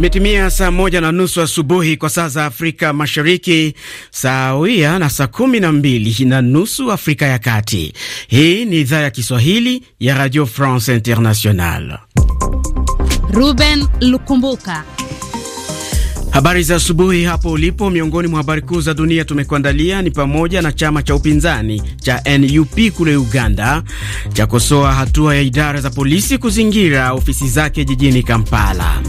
Imetimia saa moja na nusu asubuhi kwa saa za Afrika Mashariki, saa wia na saa kumi na mbili na nusu Afrika ya Kati. Hii ni idhaa ya Kiswahili ya Radio France International. Ruben Lukumbuka, Habari za asubuhi hapo ulipo. Miongoni mwa habari kuu za dunia tumekuandalia ni pamoja na chama cha upinzani cha NUP kule Uganda chakosoa hatua ya idara za polisi kuzingira ofisi zake jijini Kampala.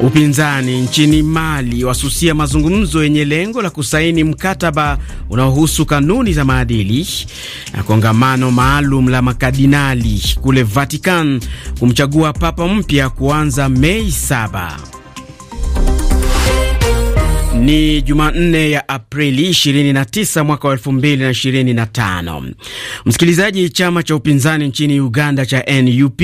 Upinzani nchini Mali wasusia mazungumzo yenye lengo la kusaini mkataba unaohusu kanuni za maadili, na kongamano maalum la makardinali kule Vatican kumchagua papa mpya kuanza Mei saba. Ni Jumanne ya Aprili 29 mwaka wa 2025. Msikilizaji, chama cha upinzani nchini Uganda cha NUP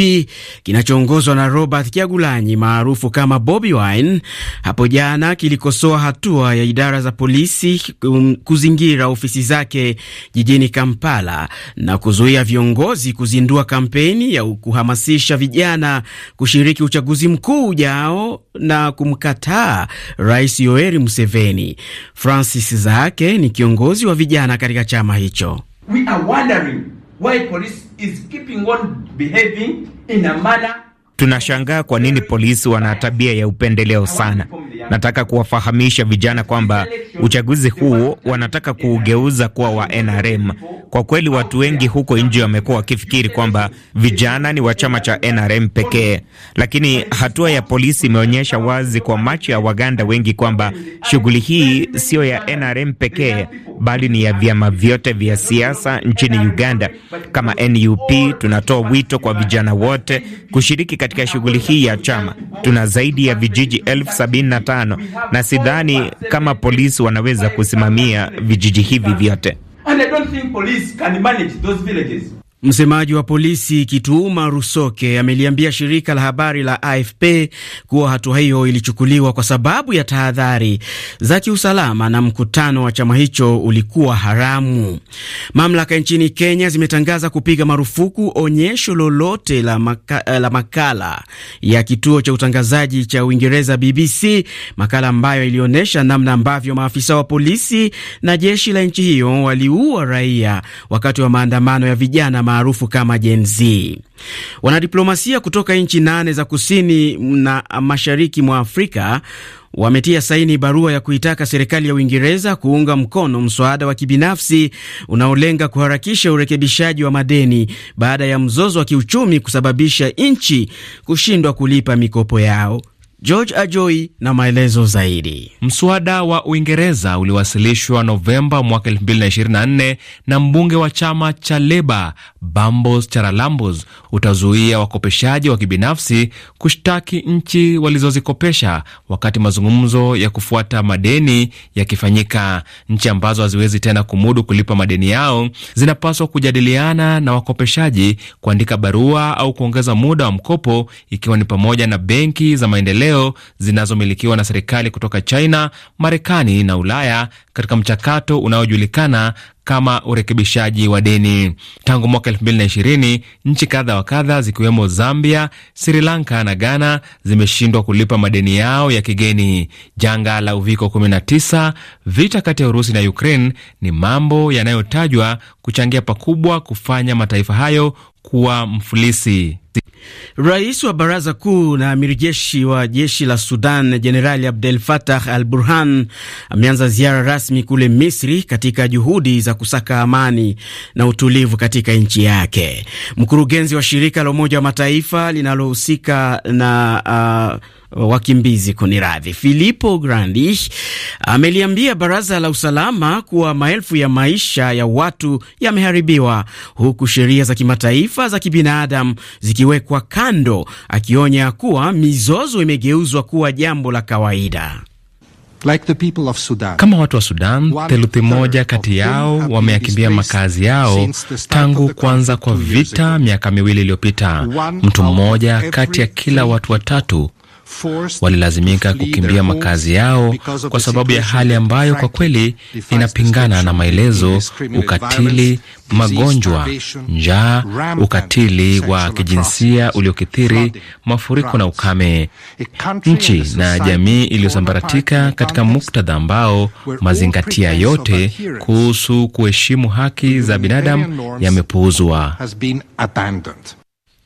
kinachoongozwa na Robert Kyagulanyi maarufu kama Bobi Wine hapo jana kilikosoa hatua ya idara za polisi um, kuzingira ofisi zake jijini Kampala na kuzuia viongozi kuzindua kampeni ya kuhamasisha vijana kushiriki uchaguzi mkuu ujao na kumkataa Rais Yoweri Museveni Museveni. Francis Zaake ni kiongozi wa vijana katika chama hicho. We are why is on in a manner Tunashangaa kwa nini polisi wana tabia ya upendeleo sana. Nataka kuwafahamisha vijana kwamba uchaguzi huu wanataka kuugeuza kuwa wa NRM. Kwa kweli watu wengi huko nje wamekuwa wakifikiri kwamba vijana ni wa chama cha NRM pekee, lakini hatua ya polisi imeonyesha wazi kwa macho ya Waganda wengi kwamba shughuli hii siyo ya NRM pekee, bali ni ya vyama vyote vya siasa nchini Uganda. Kama NUP tunatoa wito kwa vijana wote kushiriki katika shughuli hii ya chama. Tuna zaidi ya vijiji elfu sabini na tano na sidhani kama polisi wanaweza kusimamia vijiji hivi vyote. Msemaji wa polisi Kituuma Rusoke ameliambia shirika la habari la AFP kuwa hatua hiyo ilichukuliwa kwa sababu ya tahadhari za kiusalama na mkutano wa chama hicho ulikuwa haramu. Mamlaka nchini Kenya zimetangaza kupiga marufuku onyesho lolote la, maka, eh, la makala ya kituo cha utangazaji cha Uingereza BBC, makala ambayo ilionyesha namna ambavyo maafisa wa polisi na jeshi la nchi hiyo waliua raia wakati wa maandamano ya vijana maarufu kama Gen Z. Wanadiplomasia kutoka nchi nane za kusini na mashariki mwa Afrika wametia saini barua ya kuitaka serikali ya Uingereza kuunga mkono mswada wa kibinafsi unaolenga kuharakisha urekebishaji wa madeni baada ya mzozo wa kiuchumi kusababisha nchi kushindwa kulipa mikopo yao. George Ajoi na maelezo zaidi. Mswada wa Uingereza uliwasilishwa Novemba mwaka 2024 na mbunge wa chama cha Leba Bambos Charalambos utazuia wakopeshaji wa kibinafsi kushtaki nchi walizozikopesha wakati mazungumzo ya kufuata madeni yakifanyika. Nchi ambazo haziwezi tena kumudu kulipa madeni yao zinapaswa kujadiliana na wakopeshaji, kuandika barua au kuongeza muda wa mkopo, ikiwa ni pamoja na benki za maendeleo maendeleo zinazomilikiwa na serikali kutoka China, Marekani na Ulaya katika mchakato unaojulikana kama urekebishaji wa deni. Tangu mwaka 2020 nchi kadha wa kadha zikiwemo Zambia, Sri Lanka na Ghana zimeshindwa kulipa madeni yao ya kigeni. Janga la uviko 19, vita kati ya Urusi na Ukraine ni mambo yanayotajwa kuchangia pakubwa kufanya mataifa hayo kuwa mfulisi. Rais wa baraza kuu na amiri jeshi wa jeshi la Sudan Jenerali Abdel Fattah al Burhan ameanza ziara rasmi kule Misri katika juhudi za kusaka amani na utulivu katika nchi yake. Mkurugenzi wa shirika la Umoja wa Mataifa linalohusika na uh, wakimbizi kuniradhi. Filippo Grandi ah, ameliambia baraza la usalama kuwa maelfu ya maisha ya watu yameharibiwa huku sheria za kimataifa za kibinadamu zikiwekwa kando, akionya kuwa mizozo imegeuzwa kuwa jambo la kawaida. Like the people of Sudan. Kama watu wa Sudan, theluthi moja kati yao wameyakimbia makazi yao tangu kuanza kwa vita miaka miwili iliyopita. Mtu mmoja kati ya kila watu watatu walilazimika kukimbia makazi yao kwa sababu ya hali ambayo kwa kweli inapingana na maelezo: ukatili, magonjwa, njaa, ukatili wa kijinsia uliokithiri, mafuriko na ukame. Nchi na jamii iliyosambaratika katika muktadha ambao mazingatia yote kuhusu kuheshimu haki za binadamu yamepuuzwa.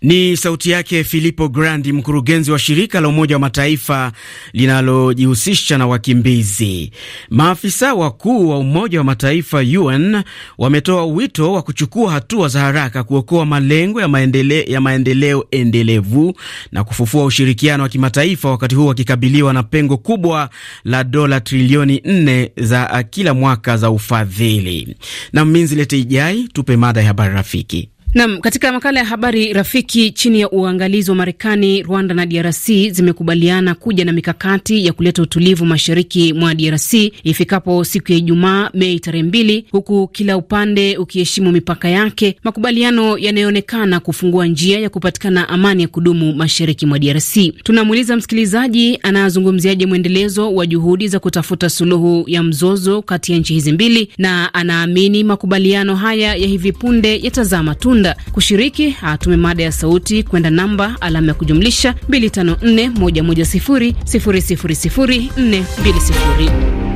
Ni sauti yake Filippo Grandi, mkurugenzi wa shirika la Umoja wa Mataifa linalojihusisha na wakimbizi. Maafisa wakuu wa Umoja wa Mataifa UN wametoa wito wa kuchukua hatua za haraka kuokoa malengo ya maendeleo, ya maendeleo endelevu na kufufua ushirikiano wa kimataifa, wakati huu wakikabiliwa na pengo kubwa la dola trilioni nne za kila mwaka za ufadhili. na Minzilete Ijai, tupe mada ya habari rafiki. Nam, katika makala ya habari rafiki, chini ya uangalizi wa Marekani, Rwanda na DRC zimekubaliana kuja na mikakati ya kuleta utulivu mashariki mwa DRC ifikapo siku ya Ijumaa Mei tarehe mbili, huku kila upande ukiheshimu mipaka yake, makubaliano yanayoonekana kufungua njia ya kupatikana amani ya kudumu mashariki mwa DRC. Tunamuuliza msikilizaji anazungumziaje mwendelezo wa juhudi za kutafuta suluhu ya mzozo kati ya nchi hizi mbili, na anaamini makubaliano haya ya hivi punde yatazaa matunda. Mkunda. Kushiriki atume ah, mada ya sauti kwenda namba alama ya kujumlisha 254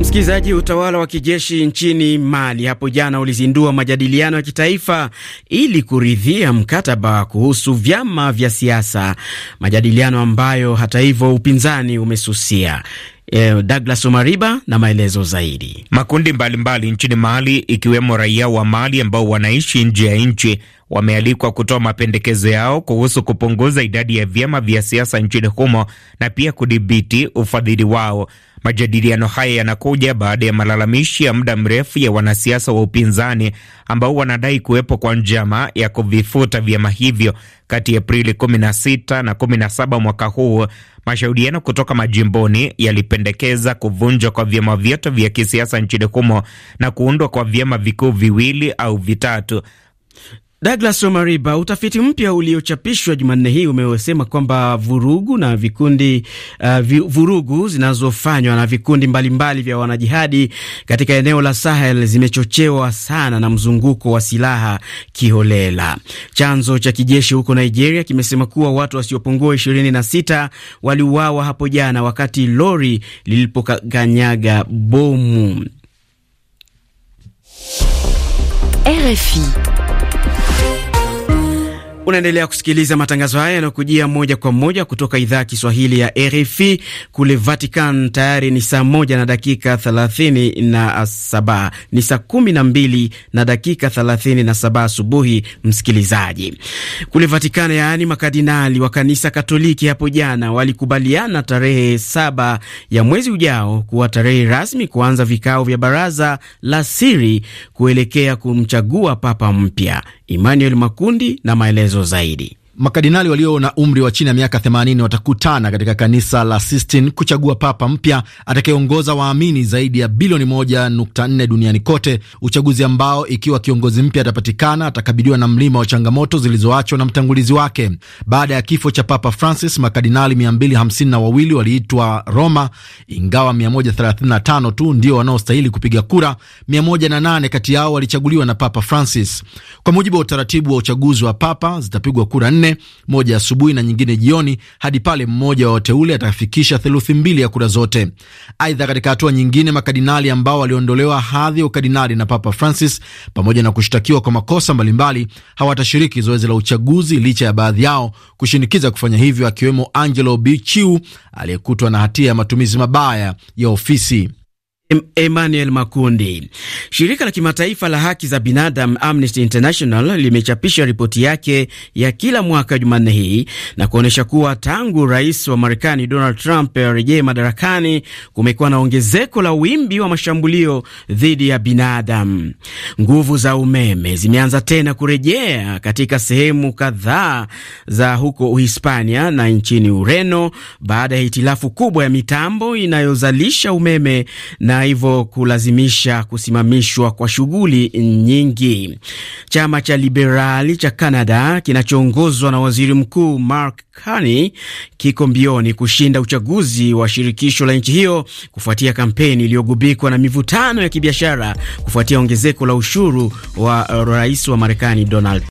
Msikilizaji, utawala wa kijeshi nchini Mali hapo jana ulizindua majadiliano ya kitaifa ili kuridhia mkataba kuhusu vyama vya siasa, majadiliano ambayo hata hivyo upinzani umesusia. Eh, Douglas Omariba na maelezo zaidi. Makundi mbalimbali mbali nchini Mali ikiwemo raia wa Mali ambao wanaishi nje ya nchi wamealikwa kutoa mapendekezo yao kuhusu kupunguza idadi ya vyama vya siasa nchini humo na pia kudhibiti ufadhili wao. Majadiliano haya yanakuja baada ya malalamishi ya muda mrefu ya wanasiasa wa upinzani ambao wanadai kuwepo kwa njama ya kuvifuta vyama hivyo. Kati ya Aprili 16 na 17 mwaka huu, mashahudiano kutoka majimboni yalipendekeza kuvunjwa kwa vyama vyote vya kisiasa nchini humo na kuundwa kwa vyama vikuu viwili au vitatu. Douglas Omariba, utafiti mpya uliochapishwa Jumanne hii umesema kwamba vurugu na vikundi uh, vi, vurugu zinazofanywa na vikundi mbalimbali mbali vya wanajihadi katika eneo la Sahel zimechochewa sana na mzunguko wa silaha kiholela. Chanzo cha kijeshi huko Nigeria kimesema kuwa watu wasiopungua 26 waliuawa hapo jana wakati lori lilipokanyaga bomu. RFI Unaendelea kusikiliza matangazo haya yanayokujia moja kwa moja kutoka idhaa ya Kiswahili ya RFI kule Vatican. Tayari ni saa moja na dakika thelathini na saba ni saa kumi na mbili na dakika thelathini na saba asubuhi, msikilizaji. Kule Vatican, yaani makardinali wa kanisa Katoliki hapo jana walikubaliana tarehe saba ya mwezi ujao kuwa tarehe rasmi kuanza vikao vya baraza la siri kuelekea kumchagua papa mpya. Emmanuel Makundi na maelezo zaidi. Makardinali walio na umri wa chini ya miaka 80 watakutana katika kanisa la Sistine kuchagua papa mpya atakayeongoza waamini zaidi ya bilioni 1.4 duniani kote, uchaguzi ambao ikiwa kiongozi mpya atapatikana atakabidiwa na mlima wa changamoto zilizoachwa na mtangulizi wake. Baada ya kifo cha Papa Francis, makardinali 252 waliitwa Roma, ingawa 135 tu ndio wanaostahili kupiga kura. 108 kati yao walichaguliwa na Papa Francis. Kwa mujibu wa utaratibu wa uchaguzi wa papa, zitapigwa kura nne, moja asubuhi na nyingine jioni, hadi pale mmoja wa wateule atafikisha theluthi mbili ya kura zote. Aidha, katika hatua nyingine, makadinali ambao waliondolewa hadhi ya ukadinali na Papa Francis pamoja na kushtakiwa kwa makosa mbalimbali hawatashiriki zoezi la uchaguzi licha ya baadhi yao kushinikiza kufanya hivyo, akiwemo Angelo Bichiu aliyekutwa na hatia ya matumizi mabaya ya ofisi. Emmanuel Makundi. Shirika la kimataifa la haki za binadamu Amnesty International limechapisha ripoti yake ya kila mwaka Jumanne hii na kuonyesha kuwa tangu rais wa Marekani Donald Trump arejee madarakani kumekuwa na ongezeko la wimbi wa mashambulio dhidi ya binadamu. Nguvu za umeme zimeanza tena kurejea katika sehemu kadhaa za huko Uhispania na nchini Ureno baada ya hitilafu kubwa ya mitambo inayozalisha umeme na hivyo kulazimisha kusimamishwa kwa shughuli nyingi. Chama cha Liberali cha Canada kinachoongozwa na waziri mkuu Mark Carney kiko mbioni kushinda uchaguzi wa shirikisho la nchi hiyo kufuatia kampeni iliyogubikwa na mivutano ya kibiashara kufuatia ongezeko la ushuru wa uh, rais wa Marekani Donald